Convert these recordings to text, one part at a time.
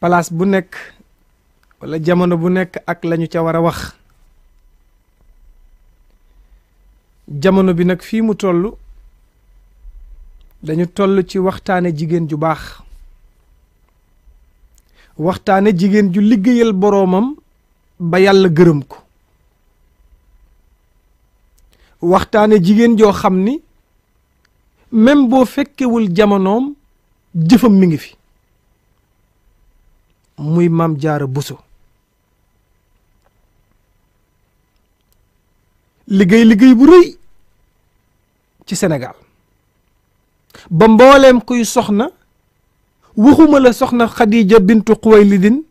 palaas bu nekk walla jamono bu nekk ak lañu ca war a wax jamono bi nag fii mu toll dañu toll ci waxtaane jigéen ju baax waxtaane jigéen ju liggéeyal boroomam ba yàlla gërëm ko waxtaane jigéen joo xam ni même boo fekkewul jamonoom jëfam mi ngi fi muy maam jaara buso liggéey liggéey bu rëy ci Sénégal ba mbooleem kuy soxna waxuma la soxna Khadija bintu Xuwaylidin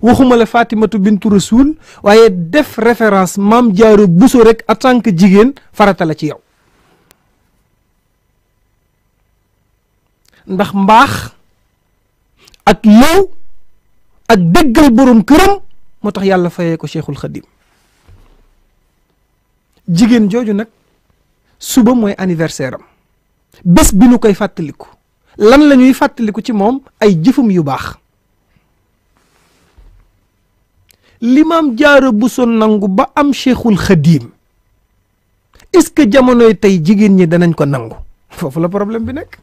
waxuma la Fatimatu bintu Rasul waaye def référence maam jaaro buso rekk en tant jigéen faratala ci yow ndax mbaax ak low ak dëggal borom këram moo tax yàlla fayee ko cheikhul xadim jigéen jooju nag suba mooy anniversaire am bés bi nu koy fàttaliku lan la ñuy fàttaliku ci moom ay jëfum yu baax limaam jaaro bu so nangu ba am cheikhul xadim est-ce que jamonoy tey jigéen ñi danañ ko nangu foofu la problème bi nekk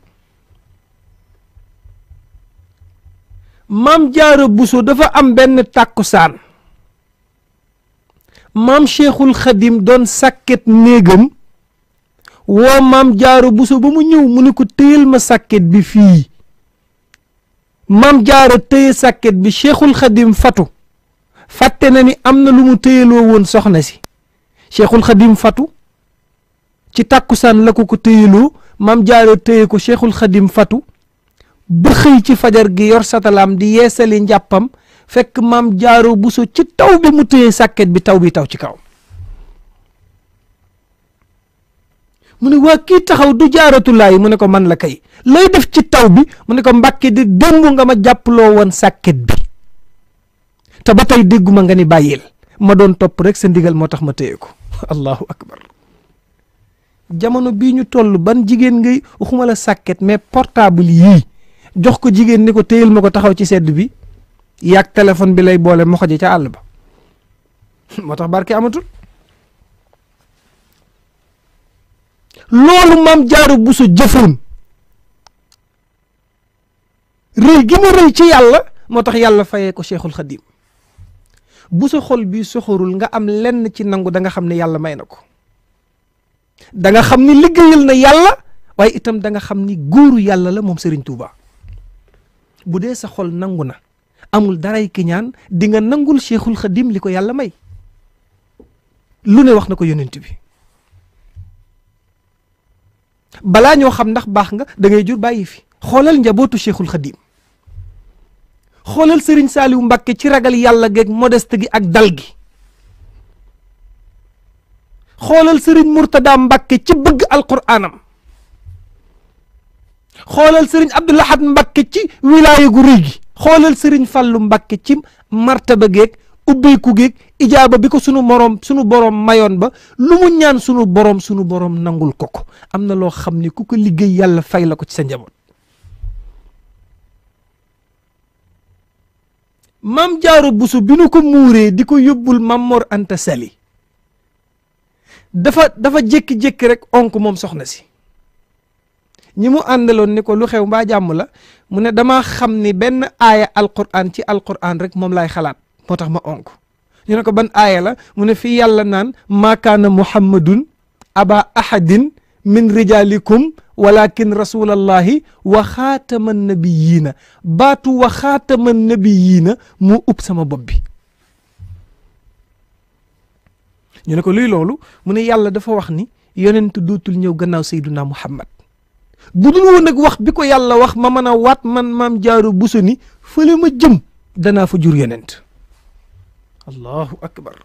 maam jaaro buso dafa am benn tàkkusaan maam cheikhul xadim doon sàkket néegam woo maam jaara buso ba mu ñëw mu ne ko téyal ma sàkket bi fii maam jaaro téye sàkket bi cheikhul xadim fatu fàtte na ni am na lu mu téyeloo woon soxna si cheikhul xadim fatu ci tàkkusaan la ko ko téyeloo maam jaara téye ko cheikhul xadim fatu bëxëy ci fajar gi yor satalaam di yeesali njàppam fekk maam jaaro busu ci taw bi mu téye sàkket bi taw bi taw ci kaw mu ne waa kii taxaw du mu ne ko man la kay lay def ci taw bi mu ne ko di démb nga ma jàppaloo woon sàkket bi te ba tey dégguma nga ni bàyyil ma doon topp rek sa ndigal moo tax ma allahu akbar jamono bii ñu toll ban jigéen ngay waxuma la sàkket mais portable yii jox ko jigéen ni ko téyel ma ko taxaw ci sedd bi yàgg téléphone bi lay boole mu xoje ca àll ba moo tax barke amatul loolu maam jaaro bu sa jëfoon rëy gi mu rëy ci yàlla moo tax yàlla fayee ko cheikhul xadim bu sa xol bii soxorul nga am lenn ci nangu da nga xam ne yàlla may na ko danga xam ni liggéeyal na yàlla waaye itam danga xam ni góoru yàlla la moom sëriñ tuubaa bu dee sa xol nangu na amul daray kiñaan dinga nangul cheikhul xadim li ko yàlla may lu ne wax na ko yonent bi balaa ñoo xam ndax baax nga dangay jur bàyyi fi xoolal njabootu cheikhul xadim xoolal sëriñ Saaliwu Mbàkke ci ragal yàlla geeg modeste gi ak dal gi xoolal sëriñ Murtada Mbàkke ci bëgg alquraanam xoolal sëriñ Abdou Lahad Mbacké ci wilaya gu rëy gi xoolal sëriñ Fallou Mbacké ci martaba geeg ubbeeku geeg ijaaba bi ko sunu moroom sunu boroom mayoon ba lu mu ñaan sunu boroom sunu boroom nangul ko ko am na loo xam ni ku ko liggéey yàlla fay la ko ci sa njaboot. maam jaaro busu bi nu ko muuree di ko yóbbul Mamor Anta Sali dafa dafa jékki-jékki rek onk moom soxna si. ñi mu andalon ni ko lu xew ba jamm la mu ne dama xam ni ben aya alquran ci alquran rek mom lay xalat motax ma onk ñu ne ko ban aya la mu ne yalla nan ma kana muhammadun aba ahadin min rijalikum walakin rasulallahi wa khataman nabiyyin batu wa mu nabiyyin mu upp sama bobbi ñu ne ko luy lolu mu ne yalla dafa wax ni dootul ñew gannaaw sayyiduna muhammad bu dul woon nag wax bi ko yàlla wax ma mën a waat man maam jaaru buso ni fële ma jëm danaa fa jur yonent allahu akbar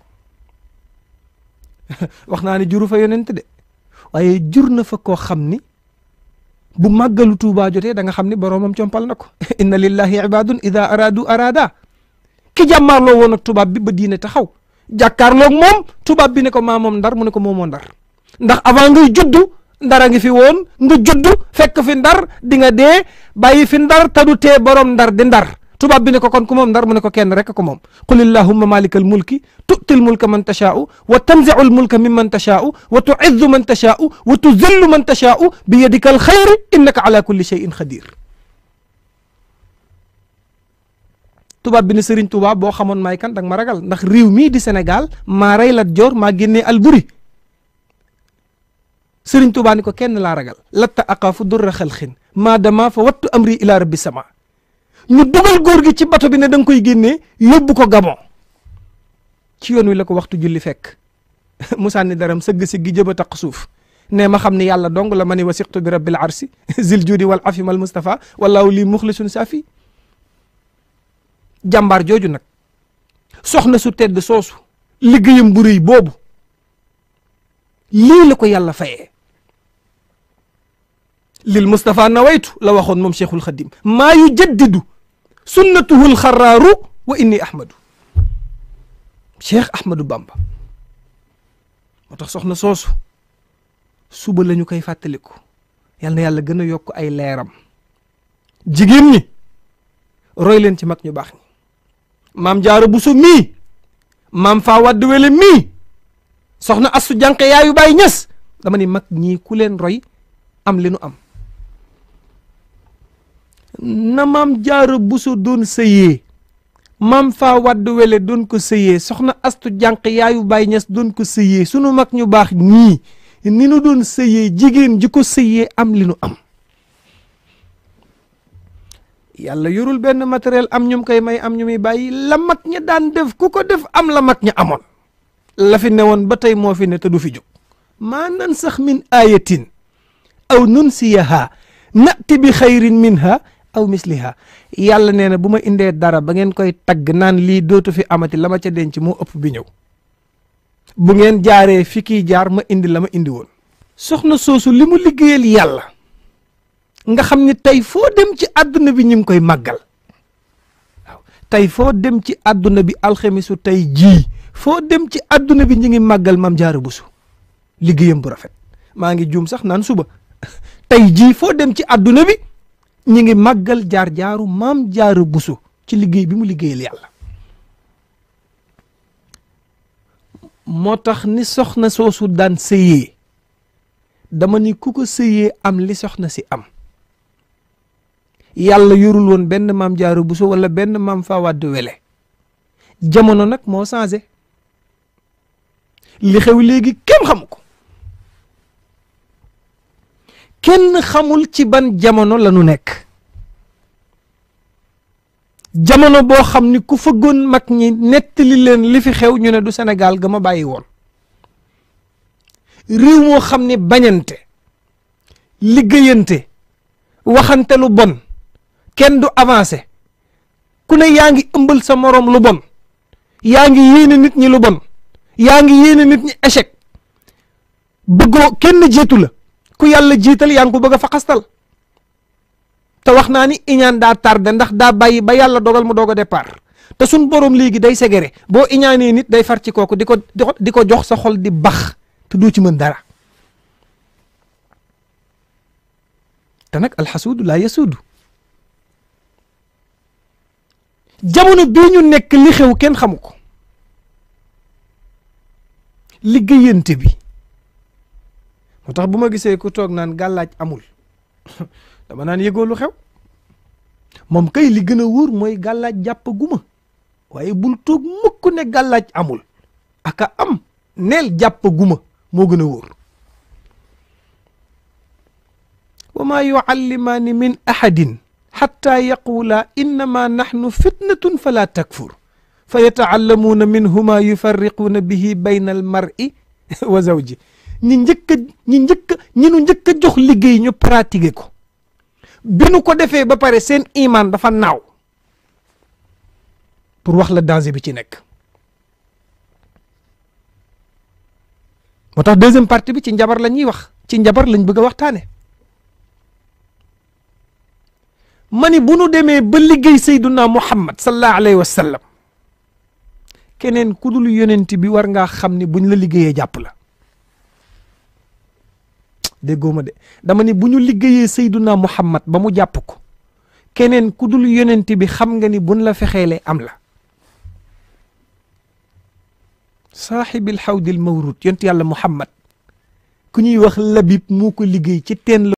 wax naa ne jur fa yonent de waaye jur na fa koo xam ni bu màggalu tuubaa jotee da nga xam ni boroomam compal na ko inna lillahi ibadun ida aradu arada ki jàmmaarloo woon ak tubaab bi ba diine taxaw jàkkaarloog moom tubaab bi ne ko maa moom ndar mu ne ko moomoo ndar ndax avant ngay juddu ndarangi fi won nga juddu fekk fi ndar di nga de bàyyi fi ndar ta du te borom ndar di ndar tubaab bi ne ko kon ku mom ndar mu ne ko kenn rek ko mom qul illahumma malikal mulki tu'til mulka man tasha'u wa tanzi'u mulka mimman tasha'u wa tu'izzu man tasha'u wa tuzillu man tasha'u bi yadika khair innaka ala kulli shay'in khadir tubaab bi ne Serigne Touba bo xamone may kan dag ma ragal ndax rew mi di Sénégal ma ray la Lat ma maa al buri sëriñ Tuubaa ni ko kenn laa ragal latta aqaafu durra xalxin maadama fa wattu amri ila rabbi sama ñu dugal góor gi ci bato bi ne da nga koy génnee yóbbu ko Gabon ci yoon wi la ko waxtu julli fekk mu sànni daram sëgg-siggi jëba taq suuf ne ma xam ne yàlla dong la ma ni wasiqtu bi rabbil arsi zil judi wal afim al mustafa wallahu lii muxlisun safi jàmbaar jooju nag soxna su tedd soosu liggéeyam bu rëy boobu lii la ko yàlla fayee lil Moustapha nawaytu la waxoon moom Cheikhul Khadim maa yu jaddidu sunnatuhul xaraaru wa inni Ahmadu Cheikh Ahmadu Bamba moo tax soxna soosu suba lañu ñu koy fàttaliku yal yàlla gën a yokk ay leeram jigéen ñi roy leen ci mag ñu baax ñi maam jaaro buso mii maam faa wadd wele mii soxna assu jànqe yaayu bàyyi ñës dama ni mag ñii ku leen roy am li am na maam jaaro buso doon sëyee maam faa wadd wele doon ko sëyee soxna astu jànq yaayu baay ñas doon ko sëyee sunu mag ñu baax ñii ni nu doon sëyee jigéen ji ko sëyee am li nu am yàlla yorul benn matériel am ñum koy may am ñu muy bàyyi la mag ña daan def ku ko def am la mag ña amoon la fi newoon ba tey moo fi ne te du fi jóg maa nan sax min ayatin aw nun siyaha nati bi xayrin minha aw misliha yàlla nee na bu ma indee dara ba ngeen koy tagg naan lii dootu fi amati la ma ca denc moo ëpp bi ñëw bu ngeen jaaree fi kii jaar ma indi la ma indi woon soxna soosu li mu liggéeyal yàlla nga xam ni tey foo dem ci àdduna bi ñu ngi koy màggal tey foo dem ci àdduna bi alxemisu tey jii foo dem ci àdduna bi ñu ngi màggal maam jaara busu liggéeyam bu rafet maa ngi juum sax naan suba tey jii foo dem ci àdduna bi ñi ngi màggal jaar-jaaru maam jaara buso ci liggéey bi mu liggéeyal yàlla moo tax ni soxna soosu daan sëyee dama ni ku ko sëyee am li soxna si am yàlla yorul woon benn maam jaara buso wala benn maam fawàddu wele jamono nag moo changé li xew léegi kenn xamu ko kenn xamul ci ban jamono la nu nekk jamono boo xam ni ku fëggoon mag ñi nettali leen li fi xew ñu ne du Sénégal ga ma bàyyi woon réew moo xam ni bañante liggéeyante waxante lu bon kenn du avancé ku ne yaa ngi sa morom lu bon yaa ngi nit ñi lu bon nit ñi échec kenn la ku yàlla jiital yaa ngi ko bëgg a faxastal te wax naa ni iñaan daa tardé ndax daa bàyyi ba yàlla dogal mu doog a départ te suñ borom léegi day segere boo iñaanee nit day far ci kooku di ko di ko jox sa xol di bax te doo ci mën dara te nag alxasuudu laa yasuudu jamono bii ñu nekk li xew kenn xamu ko liggéeyante bi motax buma bu ku tok nan galaj amul dama nan yego lu xew mom kay li gëna a wóor mooy gàllaaj jàpp guma waye bul tok mukk ne galaj amul aka am nel jàpp guma mo gëna a wóor wa maa yuallimaani min ahadin xatta yaqula innama naxnu fitnatun fala takfur fa yataallamuuna minhuma yufarriquuna bihi bayna almar'i wa zawji ñi njëkk ñi njëkk a ñi nu njëkk a jox liggéey ñu pratiquer ko binu ko defee ba pare seen imaan dafa naaw pour wax la danger bi ci nekk. moo tax deuxième partie bi ci njabar la ñuy wax ci njabar lañ bëgg a waxtaane ma ni bu nu demee ba liggéey sayduna muhammad sallallahu alayhi wa sallam keneen ku dul bi war nga xam ni buñ la liggéeyee jàpp la déggoo ma de dama ni bu ñu liggéeyee Seyduna Muhammad ba mu jàpp ko keneen ku dul yonent bi xam nga ni buñ la fexeele am la saaxibil xawdil mawrut yonent yàlla Muhammad ku ñuy wax labib moo ko liggéey ci teen la